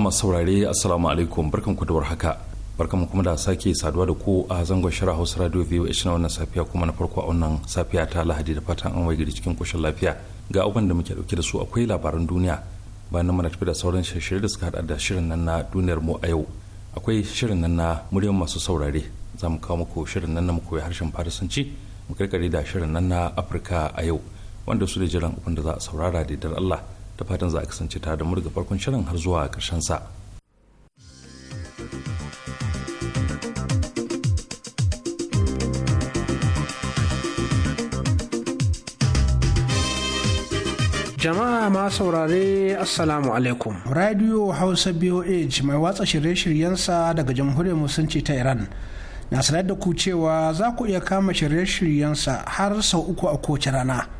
masu saurare assalamu alaikum barkan ku da haka barkan kuma da sake saduwa da ku a zangon shara Hausa Radio a na wannan safiya kuma na farko a wannan safiya ta Lahadi da fatan an waye cikin koshin lafiya ga abin da muke dauke da su akwai labaran duniya bayan nan muna tafi da sauran shirye da suka hada da shirin nan na duniyar mu a yau akwai shirin nan na muryar masu saurare za mu kawo muku shirin nan na mu koyi harshen farisanci mu karkare da shirin nan na Afirka a yau wanda su da jiran abin da za a saurara da Allah da fatan za a kasance tare da mu farkon shirin har zuwa karshen sa. Jama'a ma saurare Assalamu alaikum. Radio Hausa BOH mai watsa shirye-shiryensa daga Jamhuriyar Musulunci ta Iran. Na sanar da ku cewa za ku iya kama shirye-shiryensa har sau uku a kowace rana.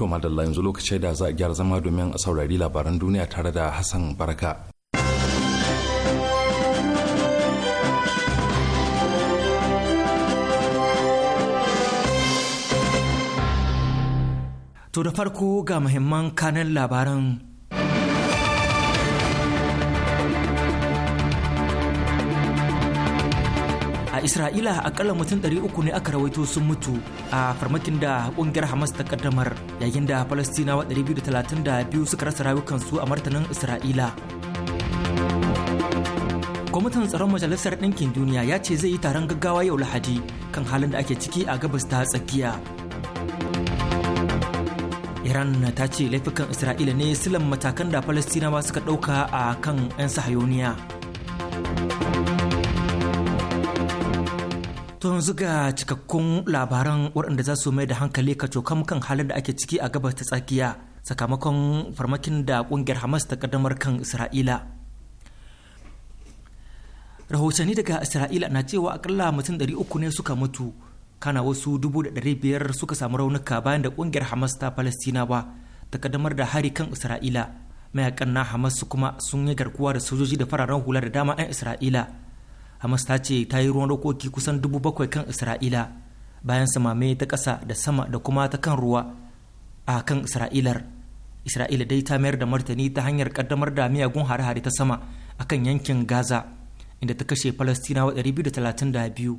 To madalla yanzu lokaci da za a gyara zama domin a saurari labaran duniya tare da Hassan Baraka. To da farko ga muhimman kanan labaran a isra'ila akalla mutum 300 ne aka rawaito sun mutu a farmakin da kungiyar hamas ta kaddamar yayin da falastinawa 232 suka rasa rayukansu a martanin isra'ila kwamitin tsaron majalisar ɗinkin duniya ya ce zai yi taron gaggawa yau lahadi kan halin da ake ciki a gabas ta tsakiya iran ta ce laifukan isra'ila ne silan matakan da falastinawa suka ɗauka a kan 'yan sahayoniya To zuga cikakkun labaran waɗanda za su mai da hankali ka cokam kan halin da ake ciki a gabas ta tsakiya sakamakon farmakin da ƙungiyar Hamas ta kaddamar kan Isra'ila. Rahotanni daga Isra'ila na cewa akalla mutum 300 ne suka mutu kana wasu 500 suka samu raunuka bayan da ƙungiyar Hamas ta ba ta kaddamar da hari kan Isra'ila. Mayakan na Hamas kuma sun yi garkuwa da sojoji da fararen hula da dama 'yan Isra'ila. hamas ta ce ta yi ruwan rokoki kusan dubu bakwai kan isra'ila bayan samame ta ƙasa da sama da kuma ta kan ruwa a kan isra'ilar isra'ila dai ta mayar da martani ta hanyar kaddamar da miyagun hare-hare ta sama a kan yankin gaza inda ta kashe falastinawa 232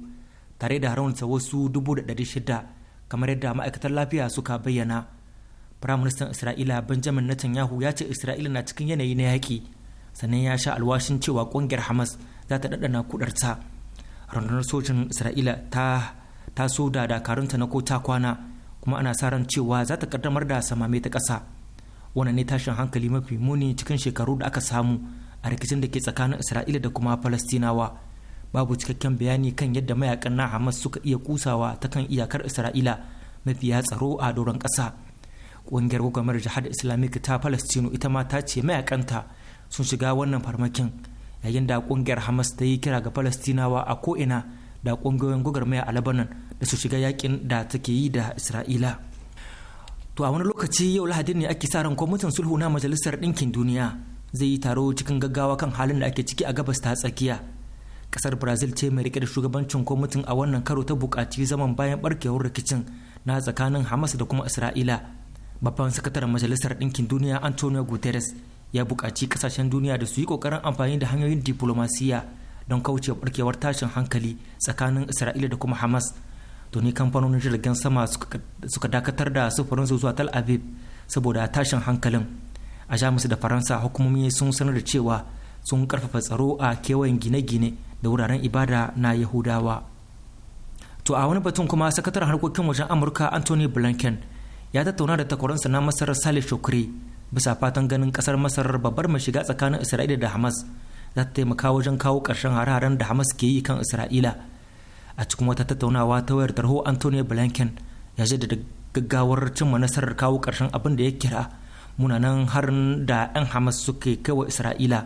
tare da raunta wasu 600 kamar yadda ma'aikatar lafiya suka bayyana firaministan isra'ila benjamin netanyahu ya ce isra'ila na cikin yanayi na yaƙi sannan ya sha alwashin cewa ƙungiyar hamas za ta ɗaɗana kudarta rundunar sojin isra'ila ta taso da dakarunta na kota kwana kuma ana sa ran cewa za ta kaddamar da samame ta ƙasa wannan ne tashin hankali mafi muni cikin shekaru da aka samu a rikicin da ke tsakanin isra'ila da kuma falastinawa babu cikakken bayani kan yadda mayakan na hamas suka iya kusawa ta kan iyakar isra'ila mafiya tsaro a doron ƙasa ƙungiyar gwamnatin jihar islamic ta falastinu ita ma ta ce mayakanta sun shiga wannan farmakin yayin da kungiyar hamas ta yi kira ga falastinawa a ko'ina da kungiyoyin gwagwarmaya a labanan da su shiga yakin da take yi da isra'ila to a wani lokaci yau lahadin ne ake sa ran kwamitin sulhu na majalisar ɗinkin duniya zai yi taro cikin gaggawa kan halin da ake ciki a gabas ta tsakiya kasar brazil ce mai rike da shugabancin kwamitin a wannan karo ta bukaci zaman bayan barkewar rikicin na tsakanin hamas da kuma isra'ila babban sakataren majalisar ɗinkin duniya antonio guterres ya buƙaci kasashen duniya da su yi ƙoƙarin amfani da hanyoyin diplomasiya don wa ɓarkewar tashin hankali tsakanin isra'ila da kuma hamas ni kamfanonin jirgin sama suka dakatar da sufurin zuwa tal aviv saboda tashin hankalin a jamus da faransa hukumomi sun sanar da cewa sun karfafa tsaro a kewayen gine-gine da wuraren ibada na yahudawa to a wani batun kuma sakataren harkokin wajen amurka anthony blinken ya tattauna da takwaransa na masarar salih shukri bisa fatan ganin kasar masar babbar mai shiga tsakanin isra'ila da hamas za ta taimaka wajen kawo ƙarshen hare-haren da hamas ke yi kan isra'ila a cikin wata tattaunawa ta wayar tarho antonio blinken ya da gaggawar cimma nasarar kawo ƙarshen abin da ya kira munanan harin da 'yan hamas suke kai wa isra'ila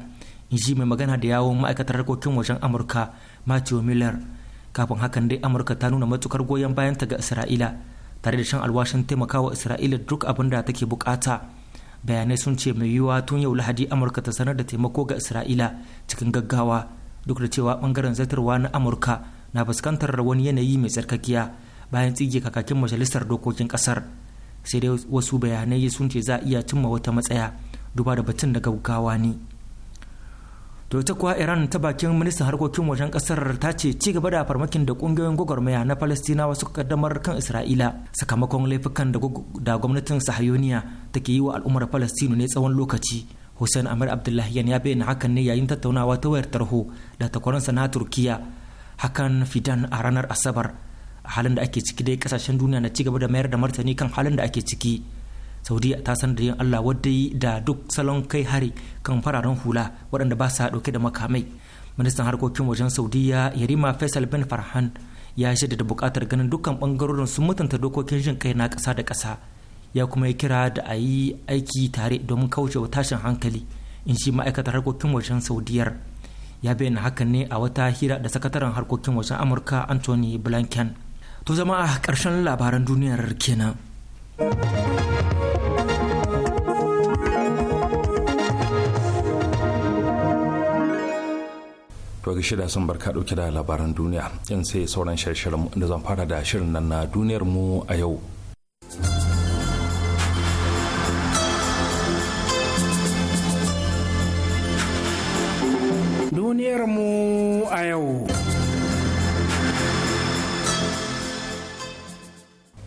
in ji mai magana da yawon ma'aikatar harkokin wajen amurka matthew miller kafin hakan dai amurka ta nuna matukar goyon bayanta ga isra'ila tare da shan alwashin taimakawa isra'ila duk abin da take bukata bayanai sun ce mai yiwuwa tun yau lahadi amurka ta sanar da taimako ga isra'ila cikin gaggawa duk da cewa bangaren zartarwa na amurka na fuskantar wani yanayi mai tsarkakiya bayan tsige kakakin majalisar dokokin kasar sai dai wasu bayanai sun ce za a iya cimma wata matsaya duba da batun da gaggawa ne to kuwa iran ta bakin ministan harkokin wajen kasar ta ce ci gaba da farmakin da kungiyoyin gwagwarmaya na palestinawa suka kaddamar kan isra'ila sakamakon laifukan da gwamnatin sahayoniya ke yi wa al'ummar palestinu ne tsawon lokaci hussein amir abdullahi yan ya bayyana hakan ne yayin tattaunawa ta wayar tarho da takwaransa na turkiya hakan fidan a ranar asabar a halin da ake ciki dai kasashen duniya na ci gaba da mayar da martani kan halin da ake ciki saudiya ta sanar da yin allah yi da duk salon kai hari kan fararen hula waɗanda ba sa ɗauke da makamai ministan harkokin wajen saudiya yarima faisal bin farhan ya shaidada buƙatar ganin dukkan ɓangarorin sun mutunta dokokin jin kai na ƙasa da ƙasa ya kuma yi kira da a yi aiki tare domin wa tashin hankali in shi ma'aikatar harkokin wajen saudiyar ya bayyana hakan ne a wata hira da sakataren harkokin wajen amurka anthony blinken to zama a ƙarshen labaran duniyar kenan to ga shida sun barka dauke da labaran duniya in sai sauran shirin da zan fara da shirin nan na duniyar mu a yau duniyar mu a yau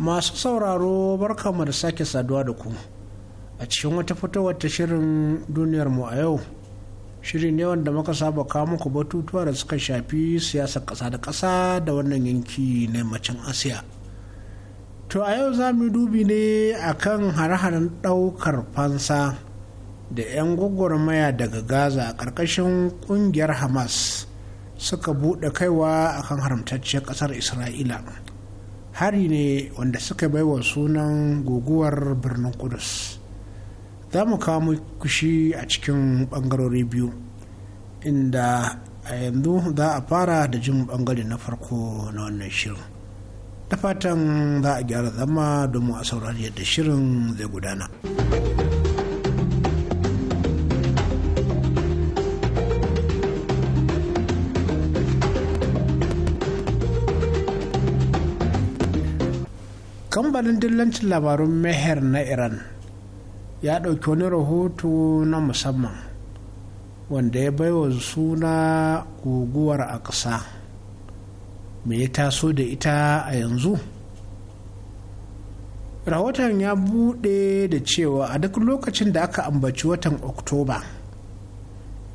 masu sauraro barkamu da sake saduwa da ku a cikin wata fitowar ta shirin duniyar mu a yau shirin ne wanda muka saba kawo muku batutuwa da suka shafi siyasar ƙasa da ƙasa da wannan yanki na yammacin asiya to a yau za mu dubi ne akan hare-haren ɗaukar fansa da 'yan gwagwarmaya daga gaza a ƙarƙashin ƙungiyar hamas suka buɗe kaiwa akan haramtacciyar ƙasar isra'ila hari ne wanda suka baiwa sunan guguwar birnin kudus za mu kawo kushi shi a cikin bangarori biyu inda a yanzu za a fara da jin bangare na farko na wannan shirin ta fatan za a gyara zama domin a saurari yadda shirin zai gudana. Kambanin dillancin labarun meher na iran ya ɗauki wani rahoto na musamman wanda ya baiwa suna guguwar a ƙasa me ya taso da ita a yanzu rahoton ya buɗe da cewa a duk lokacin da aka ambaci watan oktoba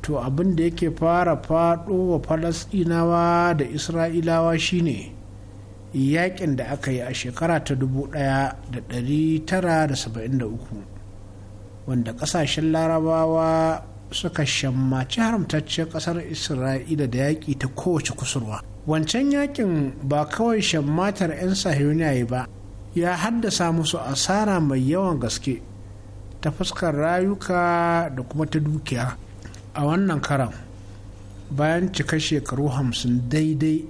to abin da yake fara faɗo wa falasɗinawa da isra'ilawa shine yakin da aka yi a shekara ta 1973 wanda ƙasashen larabawa suka shammaci haramtaccen ƙasar isra'ila da yaƙi ta kowace kusurwa wancan yakin ba kawai shammatar 'yan sahiyoniyayi ba ya haddasa musu asara mai yawan gaske ta fuskar rayuka da kuma ta dukiya a wannan karan bayan cika shekaru hamsin daidai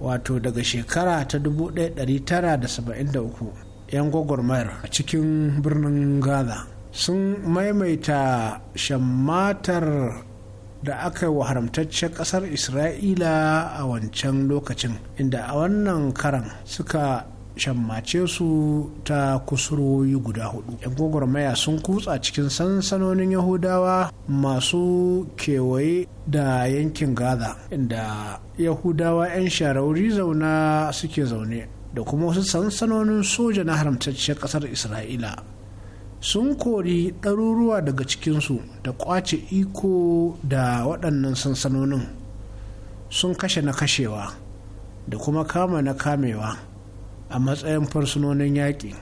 wato daga shekara ta 1973 'yan gwagwarmayar a cikin birnin gaza sun maimaita shammatar da aka wa haramtaccen ƙasar isra'ila a wancan lokacin inda a wannan karan suka shammace su ta kusurwoyi guda hudu yan gwagwarmaya sun kutsa cikin sansanonin yahudawa masu kewaye da yankin gaza inda yahudawa 'yan sharauri zauna suke zaune da kuma wasu sansanonin soja na haramtacciyar kasar isra'ila sun kori ɗaruruwa daga cikinsu da ƙwace iko da waɗannan sansanonin sun kashe na kashewa da kuma kama na kamewa a matsayin fursunonin yaƙi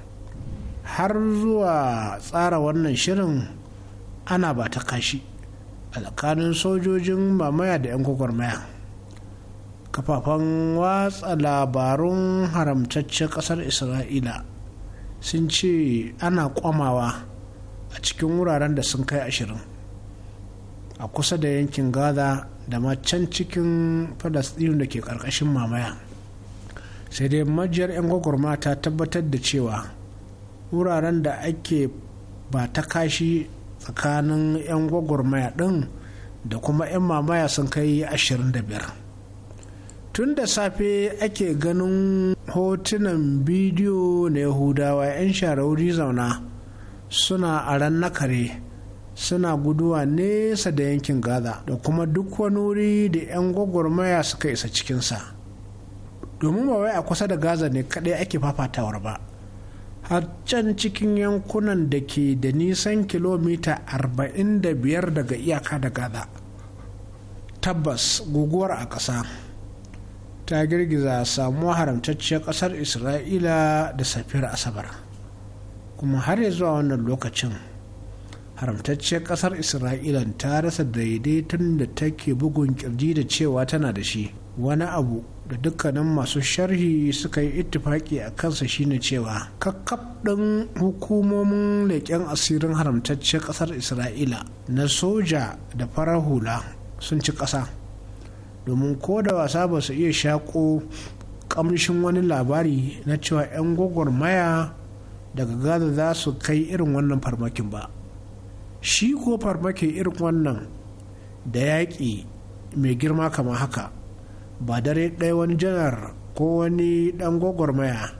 har zuwa tsara wannan shirin ana ba ta kashi a tsakanin sojojin mamaya da 'yan gwagwarmaya kafafen watsa labarun haramtaccen ƙasar isra'ila sun ce ana kwamawa a cikin wuraren da sun kai ashirin a kusa da yankin gaza da ma can cikin falasɗinu da ke ƙarƙashin mamaya sai dai majiyar 'yan gwagwarma ta tabbatar da cewa wuraren da ake ba ta kashi tsakanin 'yan gwagwarmaya din da kuma 'yan mamaya sun kai ashirin da biyar. tun da safe ake ganin hotunan bidiyo na yahudawa 'yan sharauri zauna suna a ran na kare suna guduwa nesa da yankin gaza da kuma duk wani wuri da 'yan gwagwarmaya suka isa cikinsa domin ba wai a kusa da gaza ne kadai ake fafatawar ba har can cikin yankunan da ke da nisan kilomita 45 daga iyaka da gaza tabbas guguwar a ƙasa ta girgiza samuwa haramtacciyar ƙasar isra'ila da safiyar asabar kuma har ya zuwa wannan lokacin haramtacciyar ƙasar isra'ila ta rasa daidaiton da take bugun kirji da cewa tana da shi wani abu da dukkanin masu sharhi suka yi ittifaki a kansa shine cewa kakkaf ɗin hukumomin leƙen asirin haramtacciyar ƙasar isra'ila na soja da farar hula sun ci ƙasa domin ko da wasa ba su iya shaƙo ƙamshin wani labari na cewa 'yan maya daga gaza za su kai irin wannan farmakin ba shi ko farmakin irin wannan da yaƙi mai girma kama haka ba dare ɗaya wani janar ko wani ɗan gwagwarmaya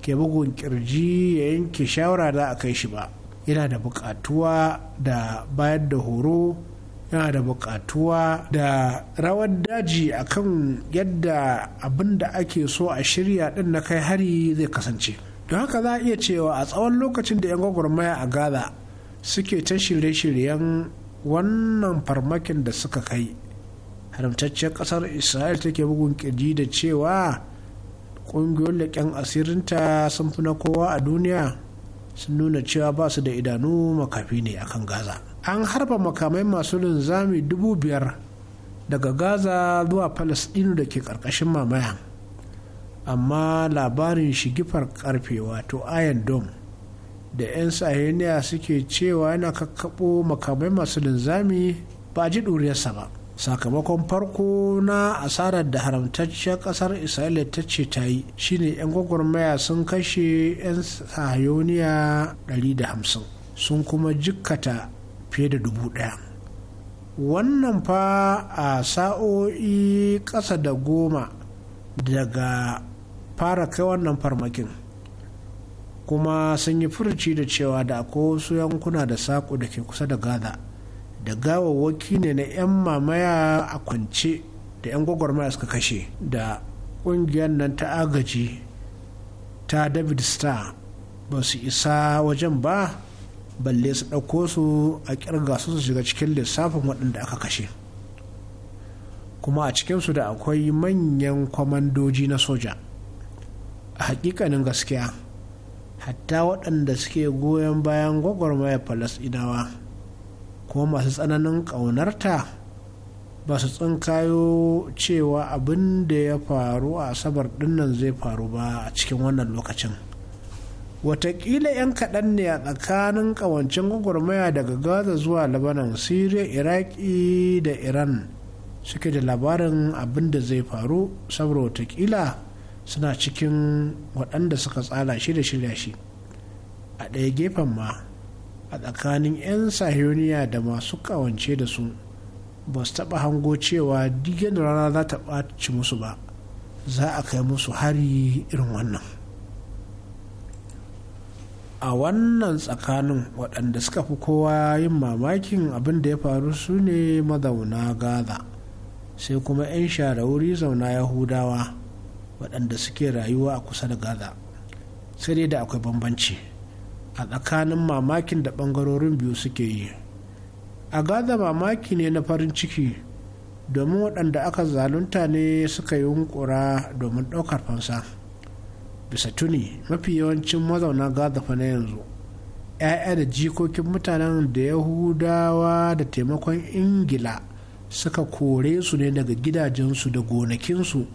ke bugun kirji ya yanke shawara za a kai shi ba yana da buƙatuwa da bayar da horo yana da buƙatuwa da rawar daji akan yadda abin da ake so a shirya din na kai hari zai kasance don haka za a iya cewa a tsawon lokacin da 'yan gwagwarmaya a gaza suke ta shirye-shiryen wannan farmakin da suka kai haramtacciyar ƙasar isra'il take bugun kirji da cewa ƙungiyoyin leƙen asirinta sun fi na kowa a duniya sun nuna cewa ba su da idanu makafi ne akan gaza an harba makamai masu linzami dubu biyar daga gaza zuwa falasɗinu da ke ƙarƙashin mamaya amma labarin shigifar karfe wato iron dome da 'yan sahiniya suke cewa yana kakkaɓo makamai masu linzami ba ji ɗuriyarsa ba sakamakon farko na asarar da haramtacciyar ƙasar isra'ila ta ce ta yi shine 'yan gwagwarmaya sun kashe 'yan sahayoniya 150 sun kuma jikkata fiye da dubu ɗaya wannan fa a sa'o'i ƙasa da goma daga fara kai wannan farmakin kuma sun yi furuci da cewa da akwai wasu yankuna da saƙo da ke kusa da gaza da gawawwaki ne na 'yan mamaya a kwance da 'yan gwagwarmaya suka kashe da ƙungiyar nan ta agaji ta david star ba su isa wajen ba balle su ɗauko su a kirga su su shiga cikin lissafin waɗanda aka kashe kuma a cikinsu da akwai manyan kwamandoji na soja a hakikanin gaskiya hatta waɗanda suke goyon bayan gwagwarmaya falasɗinawa kuma masu tsananin ƙaunarta ba su tsinkayo cewa abin da ya faru a asabar dinnan zai faru ba a cikin wannan lokacin watakila 'yan kaɗan ne a tsakanin ƙawancin gwagwarmaya daga gaza zuwa labanan syria iraki da iran suke da labarin abin da zai faru saboda watakila suna cikin waɗanda suka tsala shi da shirya shi a ɗaya gefen ma a tsakanin 'yan sahiyoniya da masu ƙawance da su ba su taɓa hango cewa digin rana za ta ɓaci musu ba za a kai musu hari irin wannan a wannan tsakanin waɗanda suka fi kowa yin mamakin abin da ya faru su ne mazauna gaza sai kuma 'yan share wuri zauna yahudawa waɗanda suke rayuwa a kusa da gaza sai dai da akwai bambanci a tsakanin mamakin da ɓangarorin biyu suke yi a gaza mamaki ne na farin ciki domin waɗanda aka zalunta ne suka yi domin ɗaukar fansa. bisa tuni mafi yawancin mazauna gaza fa na yanzu 'ya'ya da jikokin mutanen da yahudawa da taimakon ingila suka kore su ne daga gidajensu da gonakinsu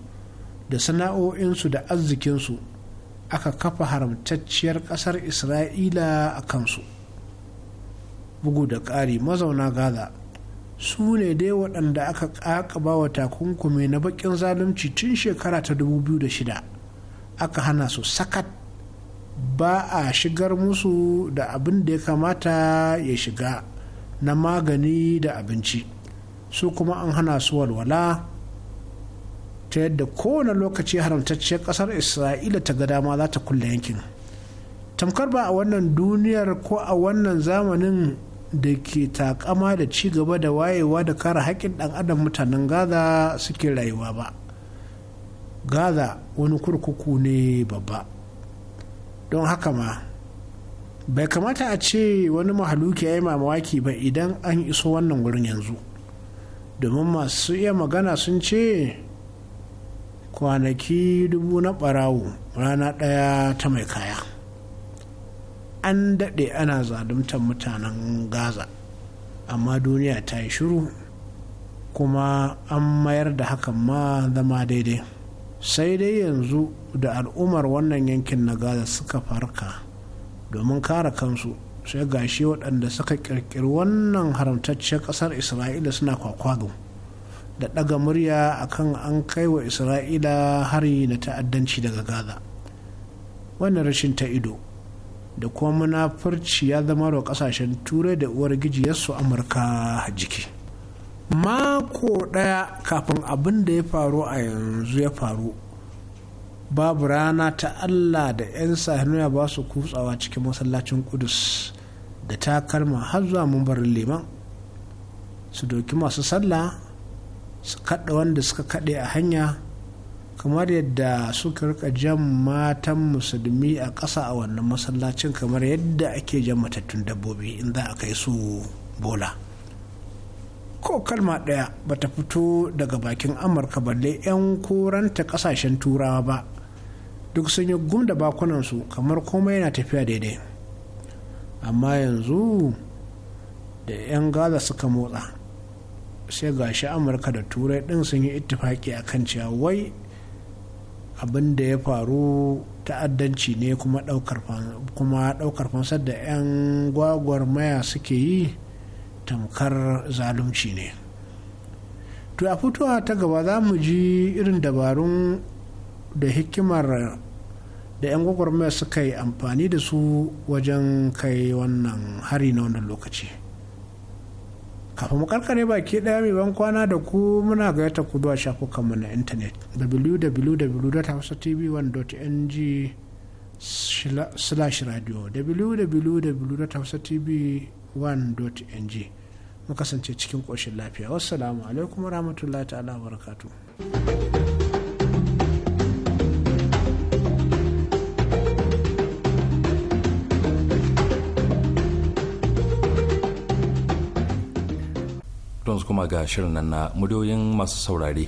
da sana'o'insu da arzikinsu aka kafa haramtacciyar ƙasar isra'ila a kansu bugu da ƙari mazauna gaza su ne dai waɗanda aka ƙaƙaba wa takunkumi na baƙin zalunci tun shekara ta 2006 aka hana su sakat ba a shigar musu da abin da ya kamata ya shiga na magani da abinci su kuma an hana su walwala ta yadda kowane lokaci haramtacciyar ƙasar isra'ila ta ga dama za ta kulle yankin tamkar ba a wannan duniyar ko a wannan zamanin da ke takama da ci gaba da wayewa da kare haƙƙin ɗan adam mutanen gaza suke rayuwa ba gaza wani kurkuku ne babba don haka ma bai kamata a ce wani mahaluki ya yi mamawaki ba idan an iso wannan wurin yanzu domin masu iya magana sun ce kwanaki dubu na barawo rana ɗaya ta mai kaya an daɗe ana zaluntar mutanen gaza amma duniya ta yi shiru kuma an mayar da hakan ma zama daidai sai dai yanzu da al'ummar wannan yankin na gaza suka farka domin kare kansu sai gashi waɗanda suka kirkiri wannan haramtacciyar ƙasar isra'ila suna kwakwado da ɗaga murya akan an kai wa isra'ila hari na ta'addanci daga gaza wannan rashin ta ido da kuma munafurci ya zama wa ƙasashen turai da uwar gijiyarsu amurka jiki mako ɗaya kafin abin da ya faru a yanzu ya faru babu rana ta allah da 'yan sahiniya ba su kutsawa cikin masallacin kudus da takalma har zuwa mambarin liman su doki masu sallah su kaɗa wanda suka kaɗe a hanya kamar yadda suka rika jan matan musulmi a ƙasa a wannan masallacin kamar yadda ake jan matattun dabbobi in za a kai su bola. ko kalma ɗaya ba ta fito daga bakin amurka balle 'yan koranta ƙasashen turawa ba duk sun yi gum da bakunansu kamar komai yana tafiya daidai amma yanzu da 'yan gaza suka motsa sai gashi amurka da turai ɗin sun yi ittifaki a kan cewa wai abin da ya faru ta'addanci ne kuma ɗaukar fansar da 'yan maya suke yi tamkar zalunci ne to a fitowa ta gaba za mu ji irin dabarun da hikimar da 'yan gwagwarmaya suka yi amfani da su wajen kai wannan hari na wannan lokaci kafin mu karkare baki daya mai ban kwana da ku muna gayyata ku zuwa shafukanmu na intanet www.hausatv1.ng slash radio 1.ng mu kasance cikin ƙoshin lafiya wassalamu alaikum rahmatullahi ta'ala barakatu don kuma ga shirin nan na muryoyin masu saurari.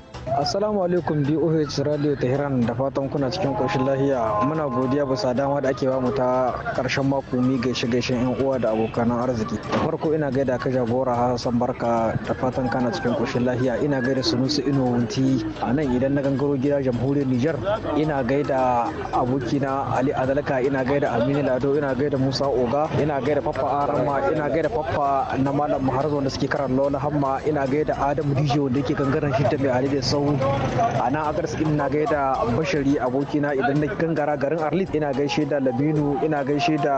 Assalamu alaikum BOH Radio Tehran da fatan kuna cikin koshin lahiya muna godiya bisa dama da ake bamu ta karshen mako mi gaishe gaishe yan uwa da abokan arziki da farko ina gaida ka jagora Hassan Barka da fatan kana cikin koshin lahiya ina gaida Sunusi Ino Wunti a nan idan na gangaro gida jamhuriyar Nijar ina gaida abokina Ali Adalka ina gaida Aminu Lado ina gaida Musa Oga ina gaida Papa Arama ina gaida Papa na Malam Muharzo da suke karan Lola Hamma ina gaida Adamu Dijo da yake gangaren shi da mai sau a nan agars in na gaida bashari abokina idan na gangara garin arlit ina gaishe da labinu ina gaishe da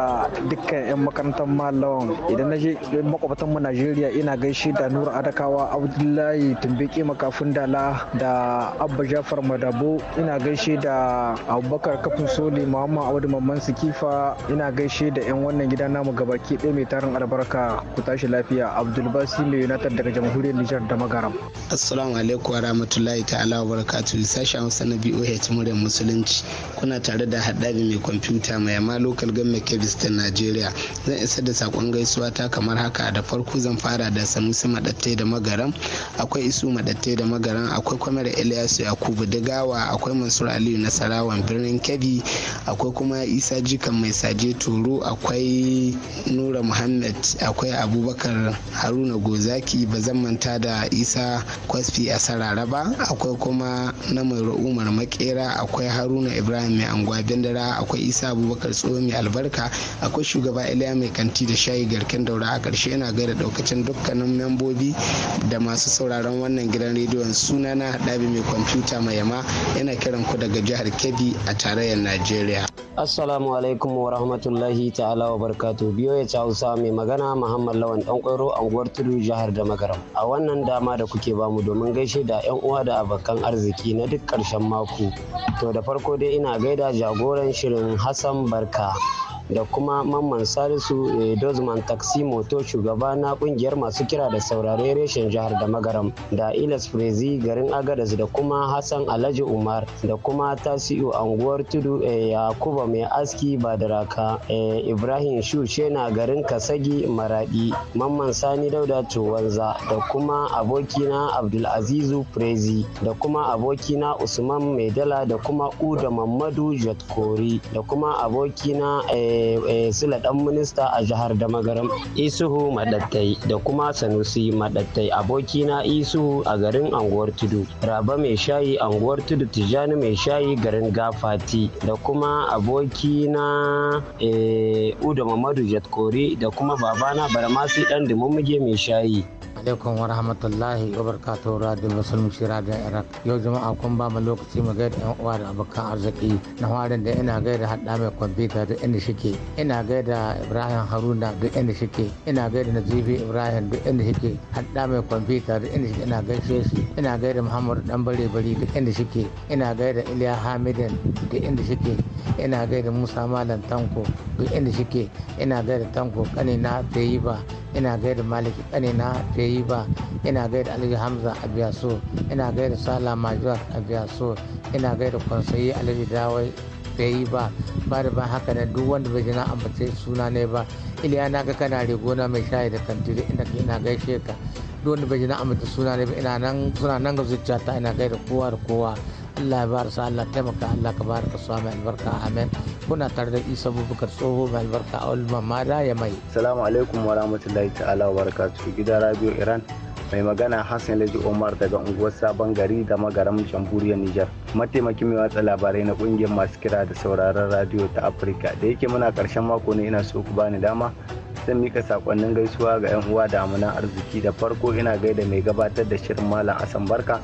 dukkan yan makarantar malawan idan na je makwabtan mu najeriya ina gaishe da nura adakawa abdullahi tumbeki makafin dala da abba jafar madabo ina gaishe da abubakar kafin soli muhammad audu mamman sikifa ina gaishe da yan wannan gida namu gabaki ɗaya mai tarin albarka ku tashi lafiya abdulbasi mai yunatar daga jamhuriyar nijar da magaram assalamu alaikum wa rahmatullahi ta'ala wa barakatu sashen hausa na boh muryar musulunci kuna tare da haɗari mai kwamfuta mai amma lokal gamme kebis ta najeriya zan isa da sakon gaisuwa ta kamar haka da farko zan fara da sanusi madatte da magaran akwai isu madatte da magaran akwai kwamar ilyasu yakubu gawa akwai mansur aliyu nasarawan birnin kebbi akwai kuma isa jikan mai saje toro akwai nura muhammad akwai abubakar haruna gozaki ba zan manta da isa kwasfi a sarara ba. akwai kuma na mai umar makera akwai haruna ibrahim mai anguwa bindara akwai isa abubakar tsoho mai albarka akwai shugaba iliya mai kanti da shayi garken daura a ƙarshe yana gaida daukacin dukkanin membobi da masu sauraron wannan gidan rediyon suna na mai kwamfuta mai yama yana kiran ku daga jihar kebbi a tarayyar najeriya Assalamu alaikum wa rahmatullahi ta'ala wa barkatu biyo ya ci hausa mai magana Muhammad Lawan dan kwairo anguwar tudu jihar da magaram. A wannan dama da kuke bamu domin gaishe da yan uwa da abokan arziki na duk karshen mako. To da farko dai ina gaida jagoran shirin Hassan Barka da kuma mamman salisu eh, dozman taksi moto shugaba na kungiyar masu kira da saurare reshen jihar da magaram da ilas frezi garin agadas da kuma hassan alhaji umar da kuma tasiu anguwar tudu eh, yakuba mai aski badaraka eh, ibrahim shushe na garin kasagi maradi mamman sani dauda tuwanza da kuma abokina abdulazizu frezi da kuma abokina usman maidala da kuma uda mamadu jatkori da kuma abokina Eh, sila dan minista a jihar damagaram isuhu madattai da kuma sanusi madattai abokina isuhu a garin anguwar tudu raba mai shayi anguwar tudu tijjani mai shayi garin gafati da kuma abokina eh, uda mamadu jatkori da kuma babana baramasi dan dimumuge mai shayi alaikum wa rahmatullahi wa barakatuhu radio musulunci radio iraq yau jama'a kun ba mu lokaci mu gaida yan uwa da abokan arziki na harin da ina gaida hada mai kwamfuta duk inda shike ina gaida ibrahim haruna duk inda shike ina gaida nazifi ibrahim duk inda shike hada mai kwamfuta duk inda shike ina gaishe shi ina gaida muhammadu dan bare bari duk inda shike ina gaida iliya hamidin duk inda shike ina gaida musa malam tanko duk inda shike ina gaida tanko kanina tayiba ina gaida maliki kanina da yi ina gaida alhaji hamza a biya so ina gaida sala majuwa a biya so ina gaida kwansayi alhaji dawai da yi ba ba da ban haka na duk wanda bai jina ambace suna ne ba iliya na ga kana rigona mai shayi da kantiri inda ina gaishe ka duk wanda bai jina ambace suna ne ba ina nan suna nan ga zuciyata ina gaida kowa da kowa Allah ya bar sa Allah taimaka Allah ka bar ka sa mai albarka amen kuna tare da Isa Bubakar tsoho mai albarka a Ulma da ya mai Assalamu alaikum wa rahmatullahi ta'ala wa barakatuh gidan Radio Iran mai magana Hassan Laji umar daga unguwar Sabon Gari da magaram Jamhuriyar Nijar mataimakin mai watsa labarai na kungiyar masu kira da sauraron radio ta Afirka da yake muna karshen mako ne ina so ku bani dama zan mika sakonnin gaisuwa ga 'yan uwa da amana arziki da farko ina gaida mai gabatar da shirin malam asan barka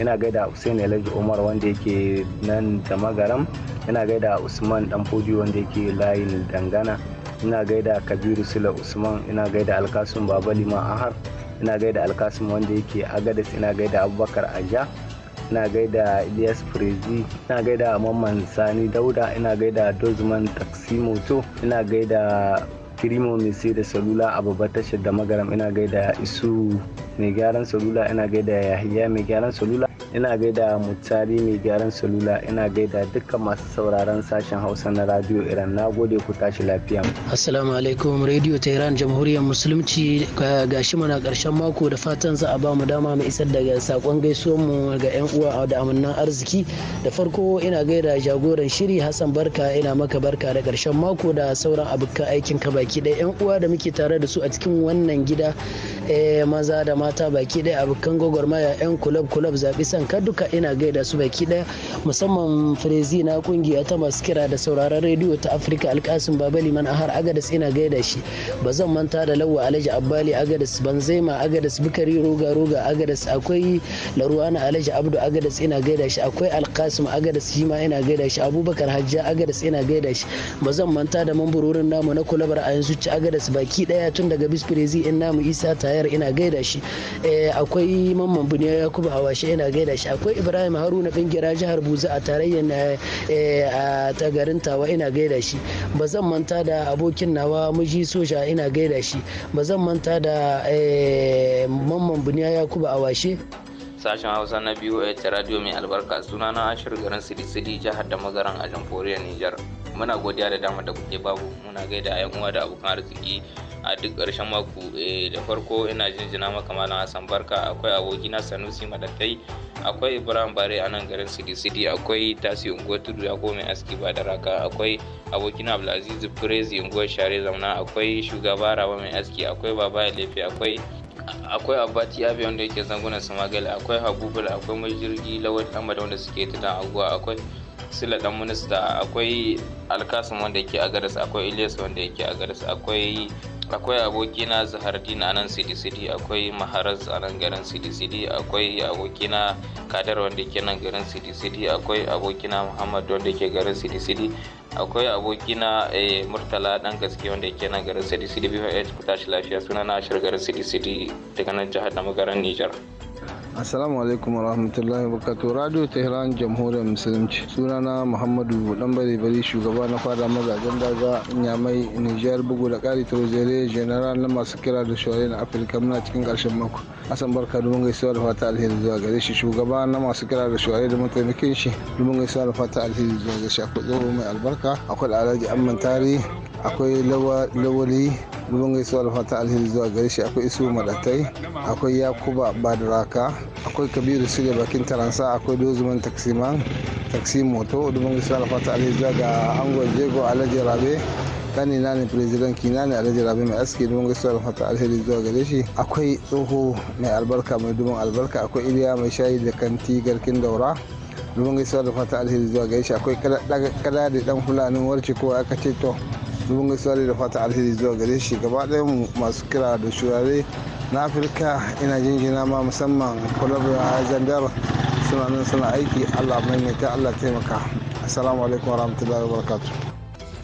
ina gaida Hussein Alhaji Umar wanda yake nan da magaram ina gaida Usman Danfodi wanda yake layin dangana ina gaida Kabiru Sula Usman ina gaida Alkasun Babalima Ahar ina gaida Alkasun wanda yake Agadez ina gaida Abubakar Aja ina gaida Ilyas Frezi ina gaida Mamman Sani Dauda ina gaida Dozman Moto ina gaida kirimo Mese da salula a babbar tashar da magaram ina gaida isu mai gyaran salula ina gaida yahiya mai gyaran salula ina gaida mutari mai gyaran salula ina gaida duka masu sauraron sashen hausa na radio iran na gode ku tashi lafiya assalamu alaikum radio ta iran jamhuriyar musulunci gashi mana karshen mako da fatan za a ba mu dama mu isar da sakon gaisuwa mu ga yan uwa da amannan arziki da farko ina gaida jagoran shiri hassan barka ina maka barka da karshen mako da sauran abokan aikin ka baki ɗaya yan uwa da muke tare da su a cikin wannan gida eh, maza da mata baki ɗaya abokan gwagwarmaya yan kulab kulab zabi akan ka duka ina gaida su baki daya musamman firezi na kungiya ta masu kira da sauraron rediyo ta afirka alkasim baba liman a har agadas ina gaida shi ba zan manta da lawa alhaji abbali agadas banzema agadas bukari roga roga agadas akwai laruwana alhaji abdu agadas ina gaida shi akwai alkasim agadas shi ma ina gaida shi abubakar hajja agadas ina gaida shi ba zan manta da mamburorin namu na kulabar a yanzu ci agadas baki daya tun daga bis firezi in namu isa tayar ina gaida shi eh, akwai mamman buniya yakubu hawashi ina gaida da akwai ibrahim haruna bingira jihar buza a tarayyar eh, a ta garin tawa ina gaida shi ba zan manta da abokin nawa miji soja ina gaida shi ba zan manta da eh, mamman buniya yakuba awashe sashen hausa na biyu a radio mai albarka suna na ashir garin sidisidi jihar da mazaran a jamhuriyar Niger. muna godiya da dama da kuke babu muna gaida yan uwa da abokan arziki a duk ƙarshen mako eh, da farko ina jinjina maka malam hassan barka akwai abokina sanusi madattai akwai ibrahim bare a nan garin sidisidi akwai tasi unguwar tudu ya mai aski ba da raka akwai abokina abdulaziz firezi unguwar share zamna akwai shugaba raba mai aski akwai baba ya lefe akwai akwai abati abe wanda yake zanguna samagale akwai habubul akwai majirgi lawal ahmad wanda suke ta aguwa akwai sila dan minista akwai alkasim wanda yake a garis akwai ilyas wanda yake a garis akwai akwai abokina zahardina a nan cdcd akwai maharaz a nan garin cdcd akwai abokina kadar wanda ke nan garin cdcd akwai abokina muhammad wanda ke garin cdcd akwai abokina eh, murtala dan gaske wanda yake nan garin city city yadda ku tashi lafiya suna na ashirar garin city city daga nan jihar da magaran nijar. Assalamu alaikum wa rahmatullahi wa Radio Tehran Jamhuriyar Musulunci. Sunana Muhammadu Dan Bari Bari shugaba na fada mazajen daga Nyamai Nijar bugu da kari Trozere General na masu kira da shawarar na Afirka muna cikin karshen mako. Hassan Barka domin gaisuwa da fata alheri zuwa gare shi shugaba na masu kira da shuwaye da mataimakin shi domin gaisuwa da fata alheri zuwa gare shi akwai tsoro mai albarka akwai alhaji amman tari akwai lawali domin gaisuwa da fata alheri zuwa gare shi akwai isu madatai akwai yakuba badaraka akwai kabiru sirya bakin taransa akwai dozuman taksiman taksi moto domin gaisuwa da fata alheri zuwa ga angon jego alhaji rabe kani na ne president na ne alhaji rabi mai aski don gaisuwa da fata alheri zuwa gare shi akwai tsoho mai albarka mai dubin albarka akwai iliya mai shayi da kanti garkin daura dubin gaisuwa da fata alheri zuwa gare shi akwai kada da dan fulanin warce ko aka ce to dubin gaisuwa da fata alheri zuwa gare shi gaba ɗaya mu masu kira da shurare na afirka ina jinjina ma musamman kwalabra zandar suna nan suna aiki allah maimaita allah taimaka assalamu alaikum warahmatullahi wabarakatuh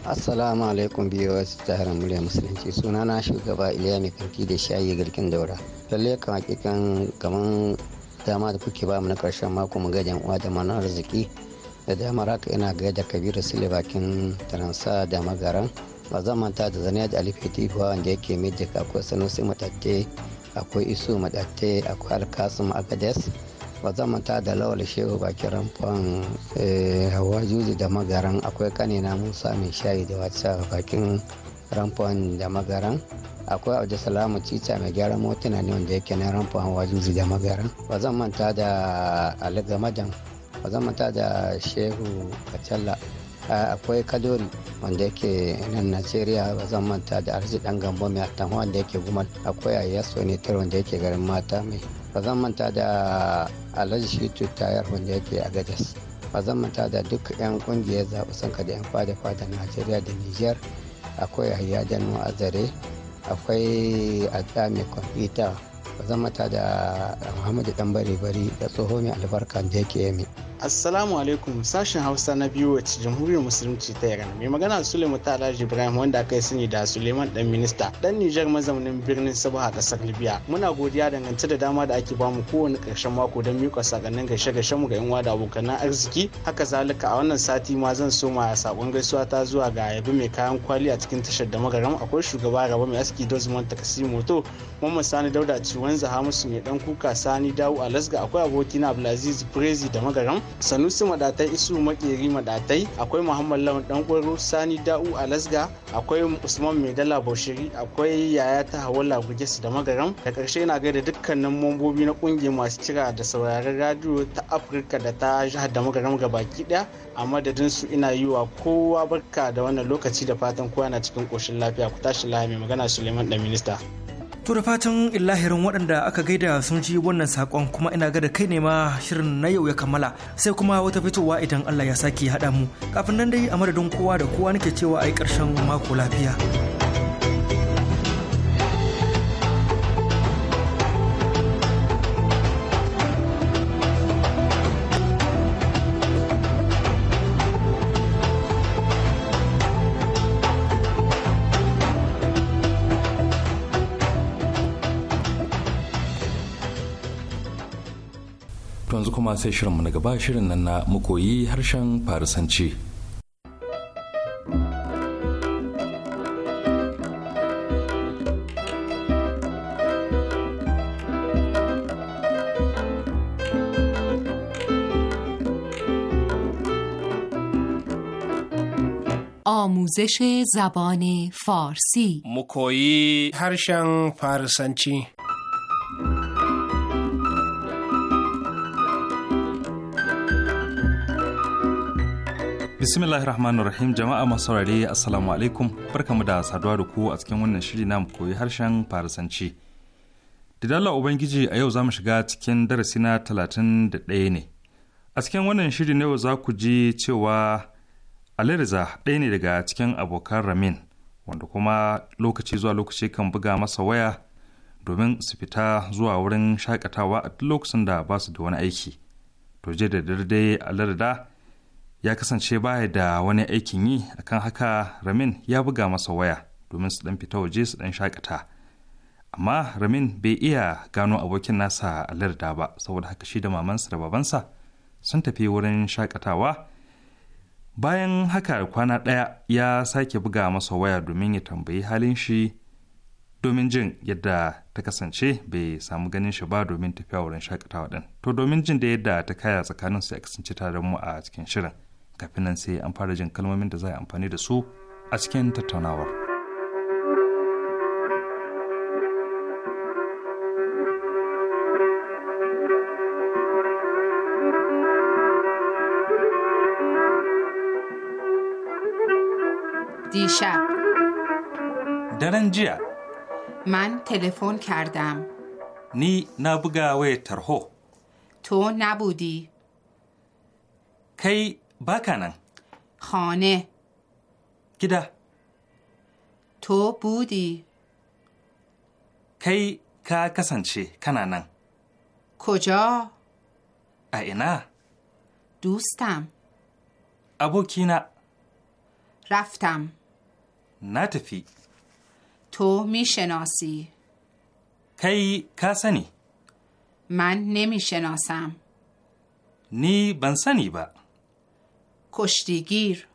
assalamu alaikum biyu wasu tsarin murya musulunci suna na shugaba iliya mai kanti da shayi garkin daura lalle kan hakikan kaman dama da kuke bamu na karshen mako mu gajen uwa da mana arziki da damar haka ina da kabiru sule bakin taransa da magaran ba zan manta da zane da alifi ba wanda yake jika akwai sanusi matatte akwai isu matatte akwai alkasum agades ba zan ta da lawal shehu bakin ramfan eh, hawa juji da magaran akwai na musa mai shayi da wata bakin ranfon da magaran akwai abu salamu cica mai gyaran motuna ne wanda yake na ranfon hawa juji da magaran ba zan manta da aligamadan ba zan manta da shehu kacalla ah, akwai kadori wanda yake nan najeriya ba zan manta da arziki dan gambo mai atan wanda yake gumal akwai ayyaso ne wanda yake garin mata mai ba zan manta da alhaji shitu tayar wanda yake a gadas ba zan manta da duk 'yan kungiyar zaɓi sanka da 'yan fada-fada najeriya da niger akwai yahaya dan azare akwai adda mai kwamfuta zan mata da muhammadu dan bare bari da tsoho mai albarka da yake yami assalamu alaikum sashen hausa na biyu wacce jamhuriyar musulunci ta iran mai magana suleiman ta alhaji ibrahim wanda aka yi sani da suleiman dan minista dan nijar mazaunin birnin sabah a kasar libya muna godiya dangance da dama da ake ba mu kowane karshen mako don miƙa sakannin gashe gashe mu ga yan uwa da abokan arziki haka zalika a wannan sati ma zan so ma sakon gaisuwa ta zuwa ga yabi mai kayan kwali a cikin tashar da magaram akwai shugaba rabo mai aski dozman Takasimoto. moto mamman sani dauda ci Zaha hamisu mai dan kuka sani dawo a lasga akwai abokina abdulaziz prezi da magaram sanusi madatai isu makeri madatai akwai muhammad lawan dan kwaro sani da'u a lasga akwai usman Medala bashiri akwai yaya ta hawala gujesu da magaram da karshe na gaida dukkanin mambobi na kungiyar masu kira da sauraron radio ta afirka da ta jihar da magaram baki daya a madadin su ina yi wa kowa barka da wannan lokaci da fatan kowa na cikin koshin lafiya ku tashi lafiya mai magana suleiman da minista To da fatan illahirin waɗanda aka gaida sun ji wannan saƙon kuma ina ga da kai ne ma shirin na yau ya kammala sai kuma wata fitowa idan Allah ya sake haɗa mu kafin nan dai a madadin kowa da kowa nake cewa a yi ƙarshen mako lafiya. sai shirinmu na gaba shirin farisanci. آموزش زبان فارسی مکویی هرشن فارسنچی Bismillahirrahmanirrahim jama'a masu saurare assalamu alaikum barkamu da saduwa da ku a cikin wannan shiri na mu koyi harshen Farisanci. dalla Ubangiji a yau za mu shiga cikin darasi na talatin da ɗaya ne. A cikin wannan shiri na yau za ku ji cewa Alirza ɗaya ne daga cikin abokan Ramin wanda kuma lokaci zuwa lokaci kan buga masa waya domin su fita zuwa wurin shakatawa a duk lokacin da ba su da wani aiki. To je da dare dai ya kasance baya da wani aikin yi akan haka ramin ya buga masa waya domin su dan fita waje su dan shakata amma ramin bai iya gano abokin nasa a larda ba saboda haka shi da mamansa da babansa sun tafi wurin shakatawa bayan haka kwana ɗaya ya sake buga masa waya domin ya tambayi halin shi domin jin yadda ta kasance bai samu ganin shi ba domin tafiya wurin shakatawa ɗin to domin jin da yadda ta kaya tsakanin su ya kasance tare mu a cikin shirin kafin nan sai an fara jin kalmomin da za a amfani da su a cikin tattaunawar. دیشب درن جیا من تلفن کردم نی نبگا tarho. ترهو na نبودی kai. baka nan Hane. gida to budi kai ka kasance kana nan kojo a ina dustam abokina raftam na tafi to mi shenasi kai ka sani man nemi shenasam ni ban sani ba کشتیگیر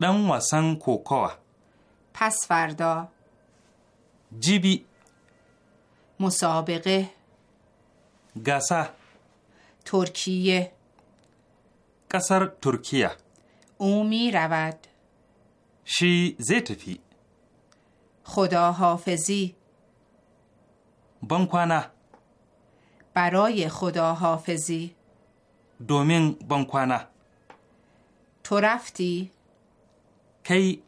و واسن کوکا پس فردا جیبی مسابقه گسه ترکیه کسر ترکیه او می رود شی زیتفی خداحافظی بانکوانا برای خداحافظی دومین بانکوانا تو رفتی؟ کی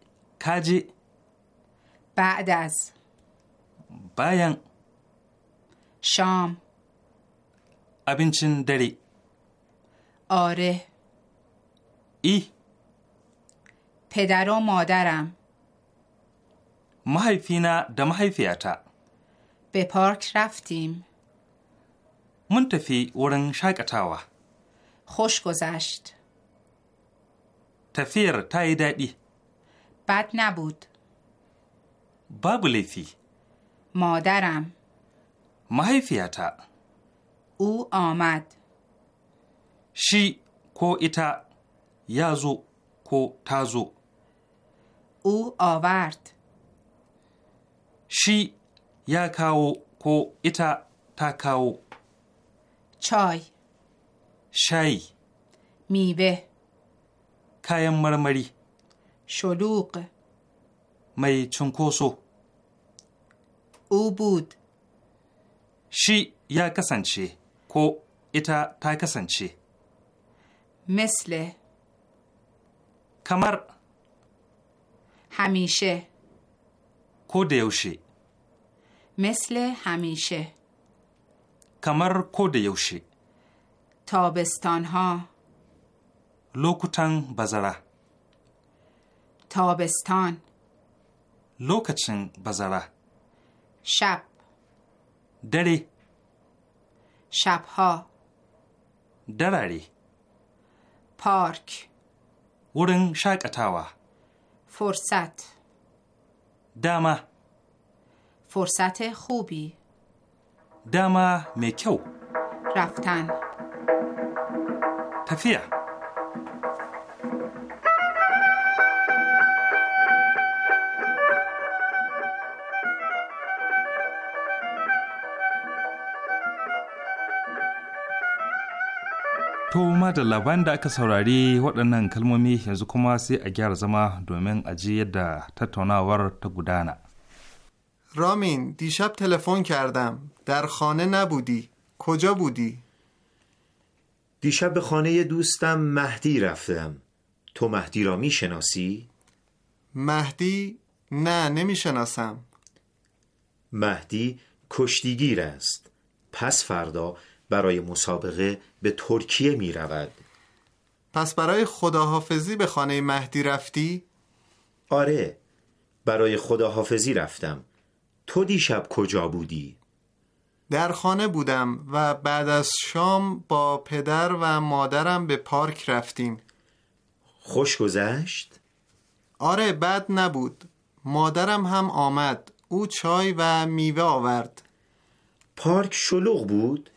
کجی بعد از باین شام ابینچن دری آره ای پدر و مادرم نه ده مهیفیتا به پارک رفتیم منتفی ورن شاکتاوه خوش گذشت تفیر تای دادی بد نبود باب لیفی مادرم مهیفیتا او آمد شی کو ایتا یازو کو تازو او آورد شی یا کاو کو ایتا تا کاو چای شای میوه کایم مرمری شلوغ می چنکوسو او بود شی یا کسنچه کو اتا تا کسنچه مثل کمر همیشه کو دیوشه مثل همیشه کمر کو دیوشه تابستان لوکوتن بزره تابستان لوکچن بزره شب دری شبها دراری پارک ورن شاکتاوا فرصت داما فرصت خوبی داما میکو رفتن تفیه تو da labarin da aka saurari waɗannan kalmomi yanzu kuma sai a gyara zama domin a ji yadda tattaunawar ta gudana. رامین دیشب تلفن کردم در خانه نبودی کجا بودی دیشب به خانه دوستم مهدی رفتم تو مهدی را میشناسی مهدی نه نمیشناسم مهدی کشتیگیر است پس فردا برای مسابقه به ترکیه می رود پس برای خداحافظی به خانه مهدی رفتی؟ آره برای خداحافظی رفتم تو دیشب کجا بودی؟ در خانه بودم و بعد از شام با پدر و مادرم به پارک رفتیم خوش گذشت؟ آره بد نبود مادرم هم آمد او چای و میوه آورد پارک شلوغ بود؟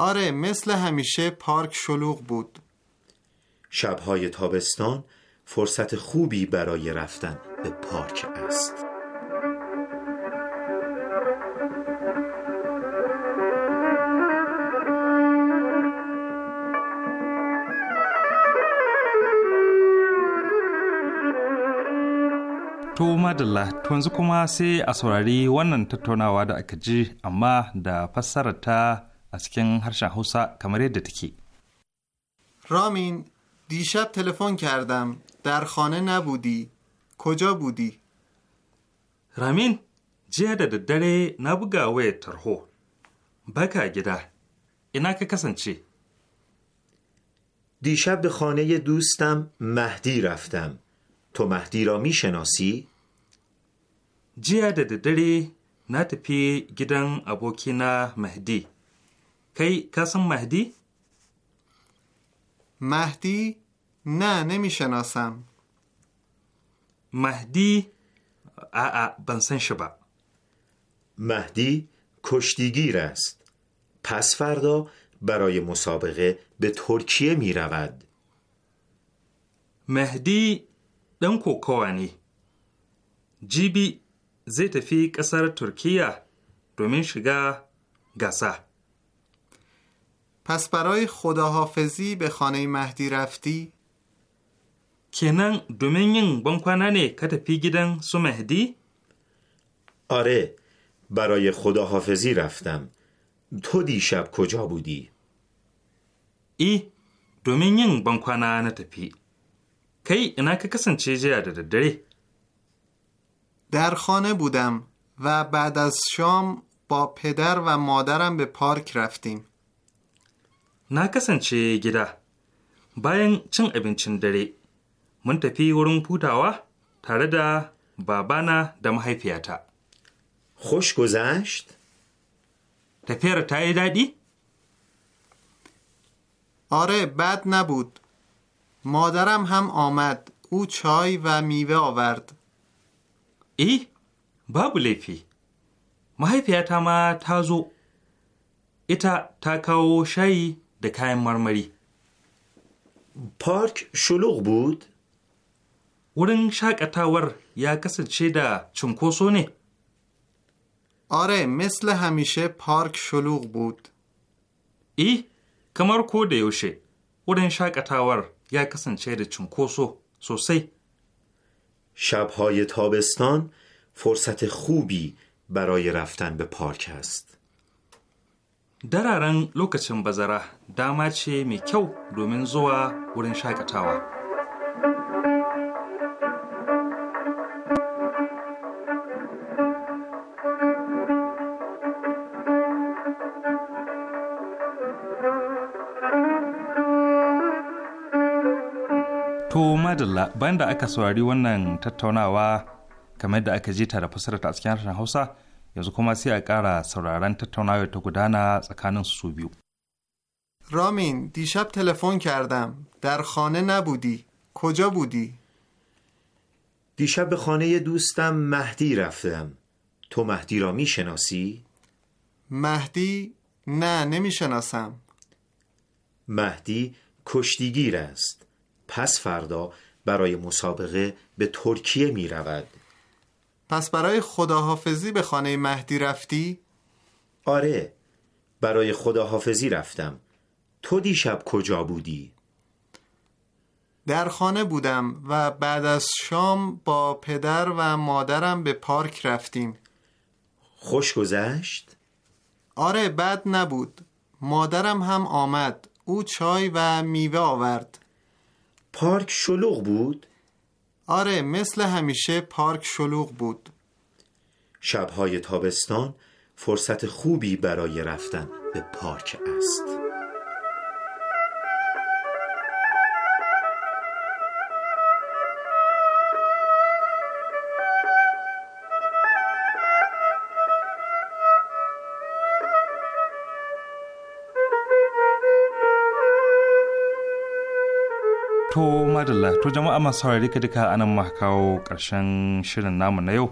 آره مثل همیشه پارک شلوغ بود شبهای تابستان فرصت خوبی برای رفتن به پارک است تو madalla to yanzu kuma sai a saurari wannan tattaunawa da aka cikin harshen Hausa kamar yadda take. Ramin, dishab telefon kardam, dar khane nabudi. Koja budi? Ramin, jiya da daddare na buga wayar tarho. Baka gida. Ina ka kasance? Dishab be khane dostam Mahdi raftam. To Mahdi ra mi shenasi? Jiya da daddare na tafi gidan abokina Mahdi. کی کسم مهدی؟ مهدی؟ نه نمیشناسم مهدی؟ آآ بنسن شبا مهدی کشتیگیر است پس فردا برای مسابقه به ترکیه می رود مهدی دن کوکوانی جیبی زی تفی ترکیه دومین شگاه گسه پس برای خداحافظی به خانه مهدی رفتی؟ کنن دومین ین کت پی پیگیدن سو مهدی؟ آره برای خداحافظی رفتم تو دیشب کجا بودی؟ ای دومینگ ین تپی کی اینا که کسن چیجی داره در خانه بودم و بعد از شام با پدر و مادرم به پارک رفتیم na kasance gida bayan cin abincin dare, mun tafi wurin hutawa tare da babana da mahaifiyata. Hush ko zasht? Tafiyar ta yi daɗi? Are bad na bud, madaram ham amad, u chai wa miwe award. Eh, babu laifi. Mahaifiyata ma ta zo, ita ta kawo shayi ده که مرمری پارک شلوغ بود ورن شاک اتاور یا کسی ده چون کسونه آره مثل همیشه پارک شلوغ بود ای کمر کوده یوشه ورن شاک اتاور یا کسی ده چون کسو سو شب های تابستان فرصت خوبی برای رفتن به پارک است Dararen lokacin bazara dama ce mai kyau domin zuwa wurin shakatawa. To madalla bayan da aka saurari wannan tattaunawa kamar da aka ji ta da fasarta a cikin harshen Hausa yanzu kuma sai a ƙara sauraron رامین دیشب تلفن کردم در خانه نبودی کجا بودی؟ دیشب به خانه دوستم مهدی رفتم تو مهدی را میشناسی؟ مهدی نه نمیشناسم مهدی کشتیگیر است پس فردا برای مسابقه به ترکیه می رود پس برای خداحافظی به خانه مهدی رفتی؟ آره برای خداحافظی رفتم تو دیشب کجا بودی؟ در خانه بودم و بعد از شام با پدر و مادرم به پارک رفتیم خوش گذشت؟ آره بد نبود مادرم هم آمد او چای و میوه آورد پارک شلوغ بود؟ آره مثل همیشه پارک شلوغ بود شبهای تابستان فرصت خوبی برای رفتن به پارک است madalla to jama'a masu saurari ka duka anan ma kawo ƙarshen shirin namu na yau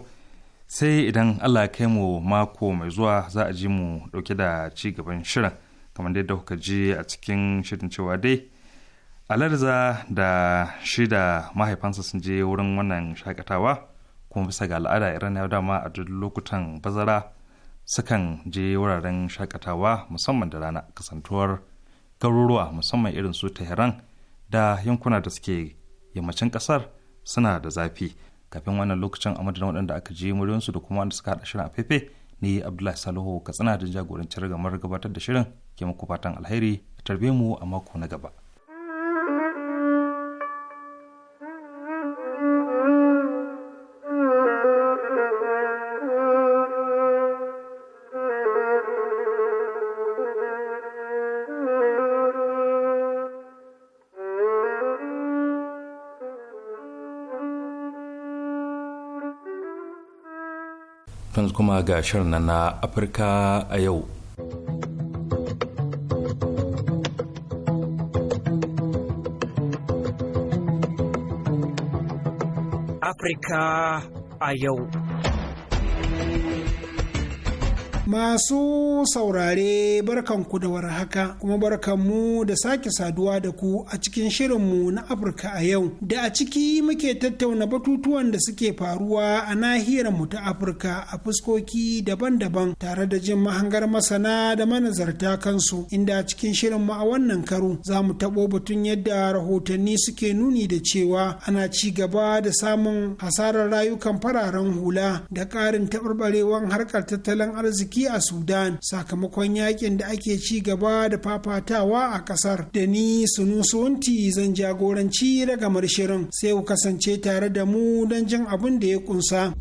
sai idan Allah ya kai mu mako mai zuwa za a ji mu ɗauke da ci gaban shirin kamar dai da kuka ji a cikin shirin cewa dai alarza da shi da mahaifansa sun je wurin wannan shakatawa kuma bisa ga al'ada irin na dama a duk lokutan bazara sukan je wuraren shakatawa musamman da rana kasantuwar garuruwa musamman irin su tehran da yankuna da suke yammacin kasar suna da zafi kafin wannan lokacin a madadin waɗanda aka je muryansu da kuma wanda suka haɗa shirin a fefe ni abdullahi salihu katsina da jagorancin rigamar gabatar da shirin ke muku fatan alheri tarbe mu a mako na gaba. kuma ga shirin na Afirka a yau. Afirka a yau. Masu saurare barkanku da warhaka kuma barkanmu da sake saduwa da ku a cikin shirin mu na Afirka a yau da a ciki muke tattauna batutuwan da suke faruwa a nahiyar mu ta Afirka a fuskoki daban-daban tare da jin mahangar masana da manazarta kansu inda a cikin mu a wannan karo za mu taɓo batun yadda rahotanni suke nuni da cewa ana ci gaba da samun hasarar rayukan fararen hula da ƙarin taɓarɓarewan harkar tattalin arziki ciki a sudan sakamakon yakin da ake ci gaba da fafatawa a kasar da ni sunti zan jagoranci daga shirin sai ku kasance tare da mu don jin abin da ya kunsa.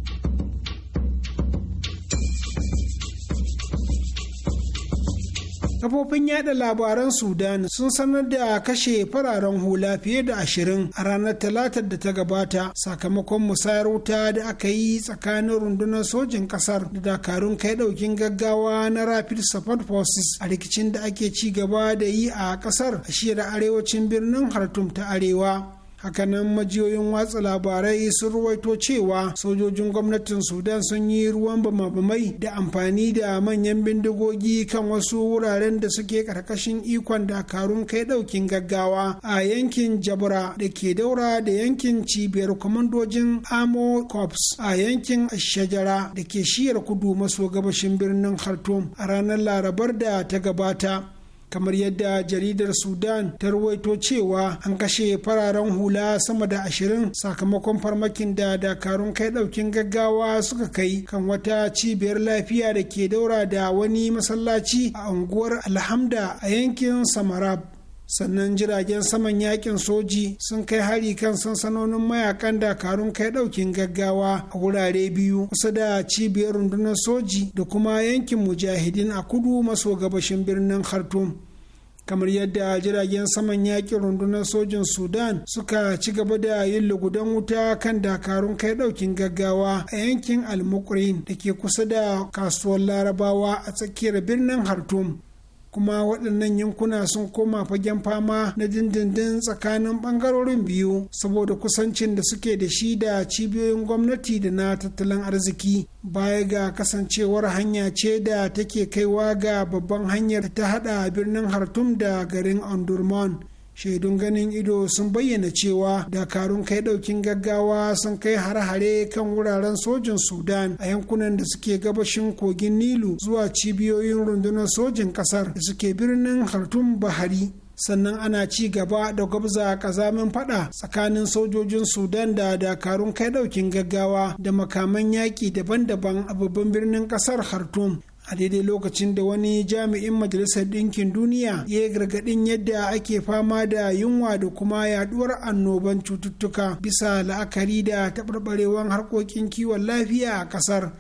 kafofin yada labaran sudan sun sanar da kashe fararen hula fiye da ashirin a ranar talatar da ta gabata sakamakon musayar wuta da aka yi tsakanin rundunar sojin kasar da dakarun kai daukin gaggawa na rapid support forces a rikicin da ake ci gaba da yi a kasar a shirya arewacin birnin hartum ta arewa hakanan majiyoyin watsa labarai sun ruwaito cewa sojojin gwamnatin sudan sun yi ruwan bamabamai da amfani da manyan bindigogi kan wasu wuraren da suke karkashin ikon dakarun kai daukin gaggawa a yankin jabra da ke daura da yankin cibiyar kwamandojin amo corps a yankin shajara da ke shiyar kudu maso gabashin birnin khartoum a ranar larabar da ta gabata kamar yadda jaridar sudan ta ruwaito cewa an kashe fararen hula sama da ashirin sakamakon farmakin da dakarun kai daukin gaggawa suka kai kan wata cibiyar lafiya da ke daura da wani masallaci a unguwar alhamda a yankin samarab sannan jiragen saman yakin soji sun kai hari kan sansanonin mayakan dakarun kai daukin gaggawa a wurare biyu kusa da cibiyar rundunar soji da kuma yankin mujahidin a kudu maso gabashin birnin khartoum kamar yadda jiragen saman yakin rundunar sojin sudan suka ci gaba da yin lugudan wuta kan dakarun kai daukin gaggawa a yankin almukrin da ke kusa da kasuwar larabawa a tsakiyar birnin hartum kuma waɗannan yankuna sun koma fagen fama na dindindin tsakanin ɓangarorin biyu saboda kusancin da suke da shi da cibiyoyin gwamnati da na tattalin arziki baya ga kasancewar hanya ce da take kaiwa ga babban hanyar ta haɗa birnin hartum da garin ondurman shaidun ganin ido sun bayyana cewa dakarun kai daukin gaggawa sun kai har hare kan wuraren sojin sudan a yankunan da suke gabashin kogin nilu zuwa cibiyoyin rundunar sojin kasar da suke birnin hartun bahari sannan ana ci gaba da gwabza kazamin fada tsakanin sojojin sudan da dakarun kai daukin gaggawa da makaman yaki daban-daban a babban birnin ƙasar khartoum a daidai lokacin da wani jami'in majalisar ɗinkin duniya ya gargaɗin yadda ake fama da yunwa da kuma yaduwar annoban cututtuka bisa la'akari da taɓarɓarewar harkokin kiwon lafiya a ƙasar.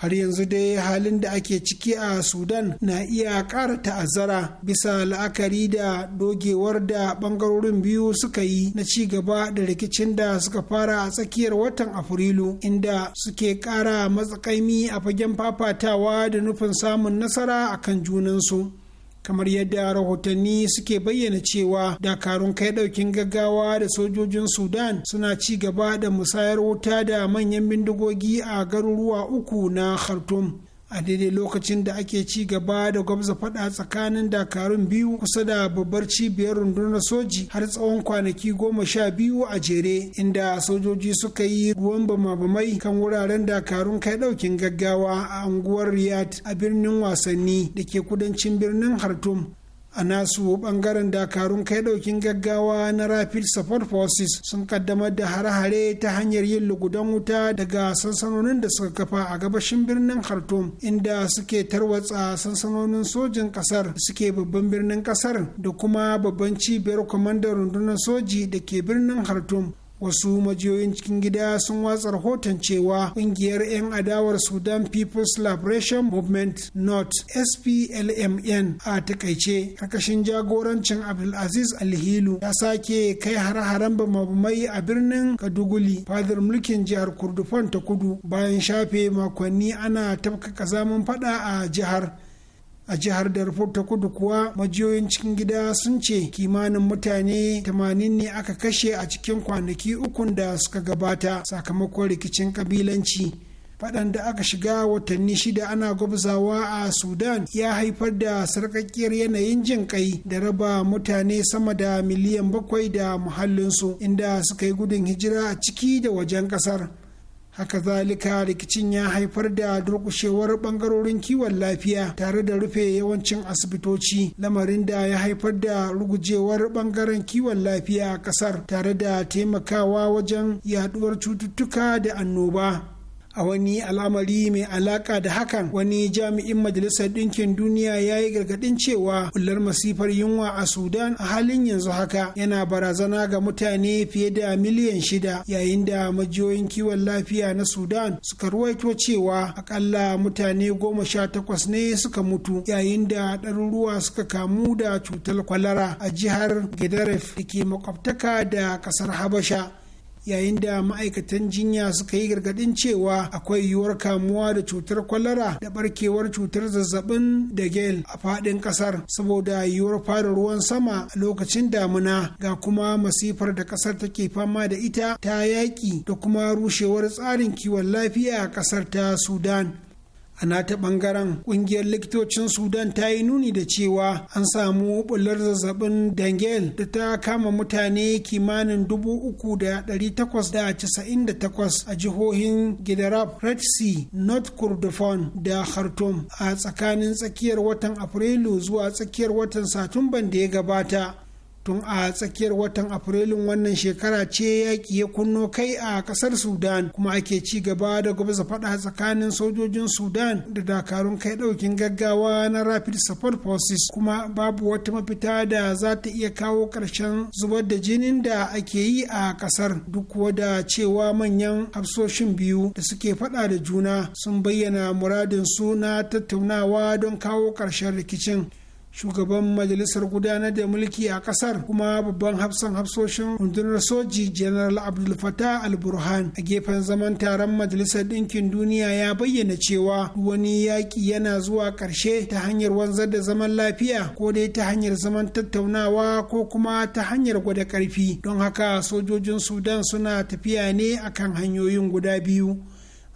har yanzu dai halin da ake ciki a sudan na iya ƙara ta'azzara bisa la'akari da dogewar da ɓangarorin biyu suka yi na ci gaba da rikicin da suka fara a tsakiyar watan afrilu inda suke ƙara matsakaimi a fagen fafatawa da nufin samun nasara a kan junansu. kamar yadda rahotanni suke bayyana cewa dakarun kai daukin gaggawa da sojojin sudan suna ci gaba da musayar wuta da manyan bindigogi a garuruwa uku na khartum. a daidai lokacin da ake ci gaba da gwabza fada tsakanin dakarun biyu kusa da babbar cibiyar rundunar soji har tsawon kwanaki goma sha biyu a jere inda sojoji suka yi ruwan bama-bamai kan wuraren dakarun kai daukin gaggawa a unguwar riyad a birnin wasanni da ke kudancin birnin hartum a nasu bangaren dakarun kai daukin gaggawa na rapid support forces sun kaddamar da hare-hare ta hanyar yin lugudan wuta daga sansanonin da suka kafa a gabashin birnin khartoum inda suke tarwatsa sansanonin sojin kasar suke babban birnin kasar da kuma babban cibiyar kwamandan rundunar soji da ke birnin khartoum wasu majiyoyin cikin gida sun watsa rahoton cewa kungiyar 'yan adawar sudan people's liberation movement north splmn a takaice karkashin jagorancin abdulaziz alhilu ya sake kai har-haren bamabamai a birnin kaduguli fadar mulkin jihar kurdufan ta kudu bayan shafe makonni ana tafka zaman fada a jihar a jihar darfur ta kudu kuwa majiyoyin cikin gida sun ce kimanin mutane 80 ne aka kashe a cikin kwanaki ukun da suka gabata sakamakon rikicin kabilanci faɗan da aka shiga watanni shida ana gwabzawa a sudan ya haifar da sarƙaƙƙiyar yanayin jin kai da raba mutane sama da miliyan bakwai da muhallinsu inda suka yi gudun hijira a ciki da wajen ƙasar haka zalika rikicin ya haifar da durkushewar bangarorin kiwon lafiya tare da rufe yawancin asibitoci lamarin da ya haifar da rugujewar bangaren kiwon lafiya a kasar tare da taimakawa wajen yaduwar cututtuka da annoba a wani al'amari mai alaka da hakan wani jami'in majalisar ɗinkin duniya ya yi gargaɗin cewa hular masifar yunwa a sudan a halin yanzu haka yana barazana ga mutane fiye da miliyan shida yayin da majiyoyin kiwon lafiya na sudan suka ruwaito cewa akalla mutane goma sha takwas ne suka mutu yayin da ɗaruruwa suka kamu da cutar kwalara a jihar gedaref da ke makwabtaka da ƙasar habasha yayin da ma'aikatan jinya suka yi gargadin cewa akwai yiwuwar kamuwa da cutar kwalara da barkewar cutar zazzabin da gel a fadin kasar saboda yiwuwar fara ruwan sama a lokacin damuna ga kuma masifar da ƙasar take fama da ita ta yaƙi da kuma rushewar tsarin kiwon lafiya a ƙasar ta sudan a nata bangaren kungiyar likitocin sudan ta yi nuni da cewa an samu bular zazzabin dangel da ta kama mutane kimanin 3,898 a jihohin gidarab red sea north kordofan da khartoum a tsakanin tsakiyar watan afrilu zuwa tsakiyar watan satumban da ya gabata tun a tsakiyar watan afrilun wannan shekara ce yaƙi ya kunno kai a ƙasar sudan kuma ake ci gaba da gwamnati faɗa tsakanin sojojin sudan da dakarun kai ɗaukin gaggawa na rapid support forces kuma babu wata mafita da za ta iya kawo ƙarshen zubar da jinin da ake yi a ƙasar duk da cewa manyan hafsoshin biyu da suke faɗa da juna sun bayyana muradin su na tattaunawa don kawo ƙarshen rikicin shugaban majalisar gudanar da mulki a kasar kuma babban hafsan hafsoshin rundunar soji general abdul fatah al-burhan a gefen zaman taron majalisar ɗinkin duniya ya bayyana cewa wani yaƙi yana zuwa ƙarshe ta hanyar wanzar da zaman lafiya ko dai ta hanyar zaman tattaunawa ko kuma ta hanyar gwada ƙarfi don haka sojojin sudan suna tafiya ne akan hanyoyin guda biyu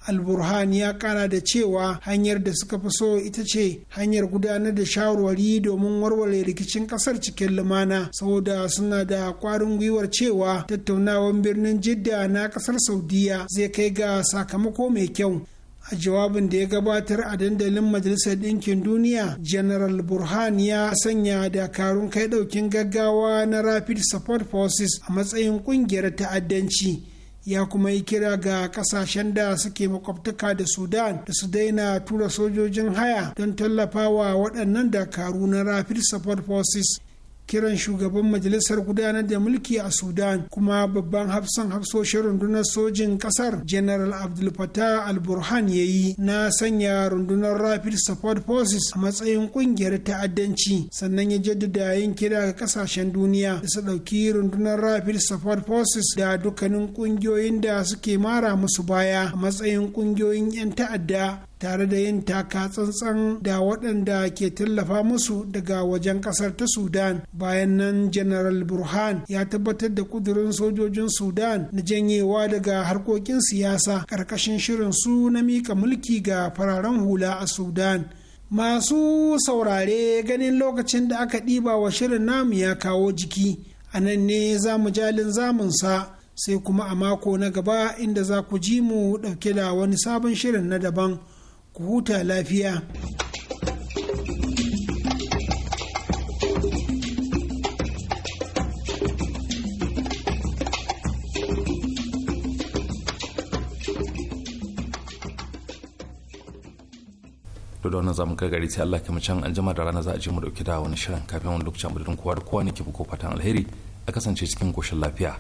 alburhan ya kara da cewa hanyar da suka fi so ita ce hanyar gudanar da shawarwari domin warware rikicin kasar cikin lumana saboda suna da kwarin gwiwar cewa tattaunawan birnin jidda na kasar saudiya zai kai ga sakamako mai kyau a jawabin da ya gabatar a dandalin majalisar ɗinkin duniya general burhan ya sanya dakarun kai ɗaukin gaggawa na rapid support forces a matsayin ƙungiyar ta'addanci ya kuma yi kira ga kasashen da suke makwabtaka da sudan da su daina tura sojojin haya don tallafawa waɗannan dakaru na rapid support forces kiran shugaban majalisar gudanar da mulki a sudan kuma babban hafsan hafsoshin rundunar sojin kasar general abdul fatah al-burhan ya yi na sanya rundunar rapid support forces a matsayin kungiyar ta'addanci sannan ya jaddada yin kira ga kasashen duniya da su ɗauki rundunar rapid support forces da dukkanin kungiyoyin da suke mara musu baya a matsayin kungiyoyin 'yan ta'adda tare da yin taka tsantsan da waɗanda ke tallafa musu daga wajen ƙasar ta sudan bayan nan general burhan ya tabbatar da ƙudurin sojojin sudan na janyewa daga harkokin siyasa ƙarƙashin shirin su na mika mulki ga fararen hula a sudan masu saurare ganin lokacin da aka ɗiba wa shirin namu ya kawo jiki a nan ne za mu jalin zamunsa sai kuma a mako na gaba inda za ku ji mu ɗauke da wani sabon shirin na daban. ku huta lafiya. da na zamu kai gari sai Allah kuma can anjima da rana za a je mu dauki da wani shirin kafin wani lokacin budurin kowa da kowa ne ke buko fatan alheri a kasance cikin koshin lafiya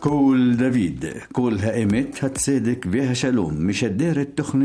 كول دافيد كولها ايمت هتسيدك بها شالوم مش الدير التخني